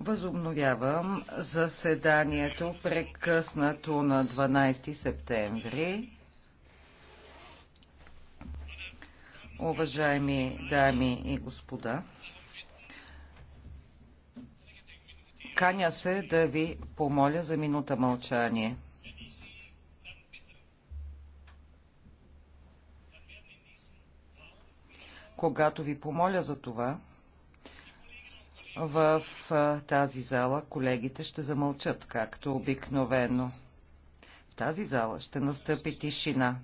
Възобновявам заседанието, прекъснато на 12 септември. Уважаеми дами и господа, каня се да ви помоля за минута мълчание. когато ви помоля за това, в тази зала колегите ще замълчат, както обикновено. В тази зала ще настъпи тишина.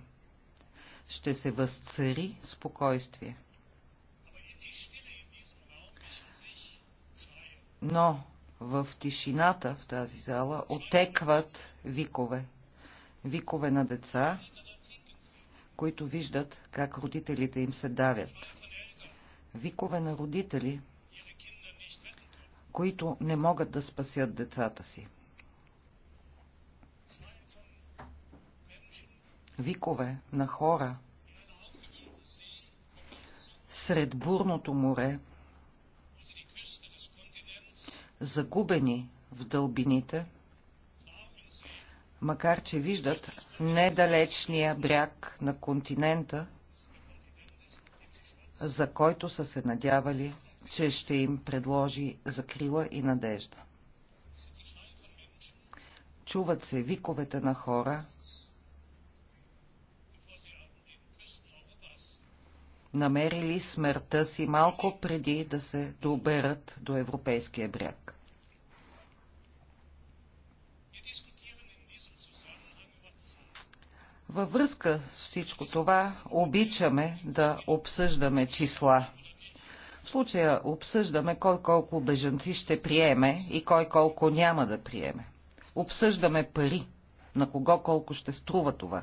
Ще се възцари спокойствие. Но в тишината в тази зала отекват викове. Викове на деца, които виждат как родителите им се давят викове на родители, които не могат да спасят децата си. Викове на хора сред бурното море, загубени в дълбините, макар че виждат недалечния бряг на континента, за който са се надявали, че ще им предложи закрила и надежда. Чуват се виковете на хора, намерили смъртта си малко преди да се доберат до европейския бряг. Във връзка с всичко това обичаме да обсъждаме числа. В случая обсъждаме кой колко бежанци ще приеме и кой колко няма да приеме. Обсъждаме пари. На кого колко ще струва това?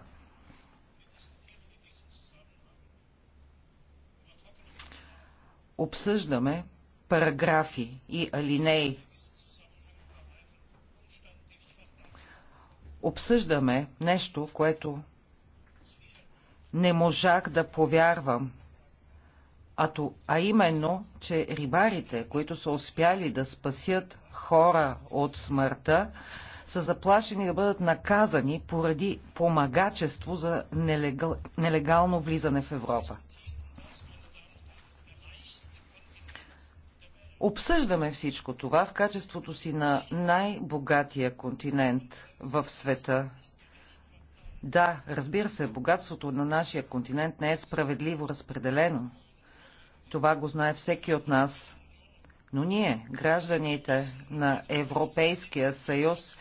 Обсъждаме параграфи и алинеи. Обсъждаме нещо, което не можах да повярвам. А, то, а именно, че рибарите, които са успяли да спасят хора от смъртта, са заплашени да бъдат наказани поради помагачество за нелегал, нелегално влизане в Европа. Обсъждаме всичко това в качеството си на най-богатия континент в света да, разбира се, богатството на нашия континент не е справедливо разпределено. Това го знае всеки от нас. Но ние, гражданите на Европейския съюз,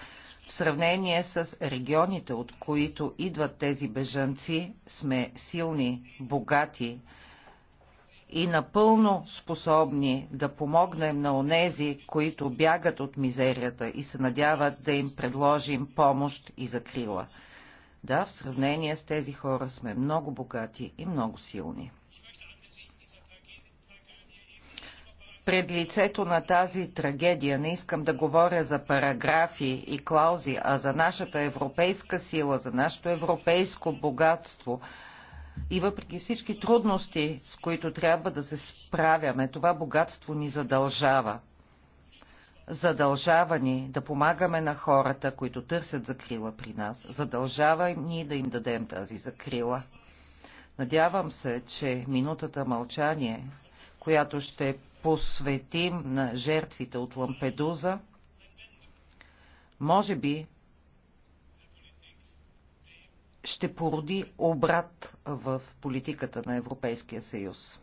в сравнение с регионите, от които идват тези бежанци, сме силни, богати и напълно способни да помогнем на онези, които бягат от мизерията и се надяват да им предложим помощ и закрила. Да, в сравнение с тези хора сме много богати и много силни. пред лицето на тази трагедия не искам да говоря за параграфи и клаузи, а за нашата европейска сила, за нашето европейско богатство и въпреки всички трудности, с които трябва да се справяме, това богатство ни задължава задължавани да помагаме на хората, които търсят закрила при нас, задължавани да им дадем тази закрила. Надявам се, че минутата мълчание, която ще посветим на жертвите от Лампедуза, може би ще породи обрат в политиката на Европейския съюз.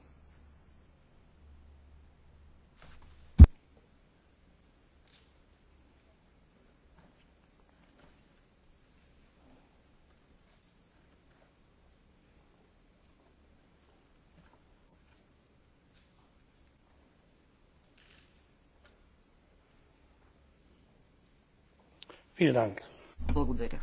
Благодаря.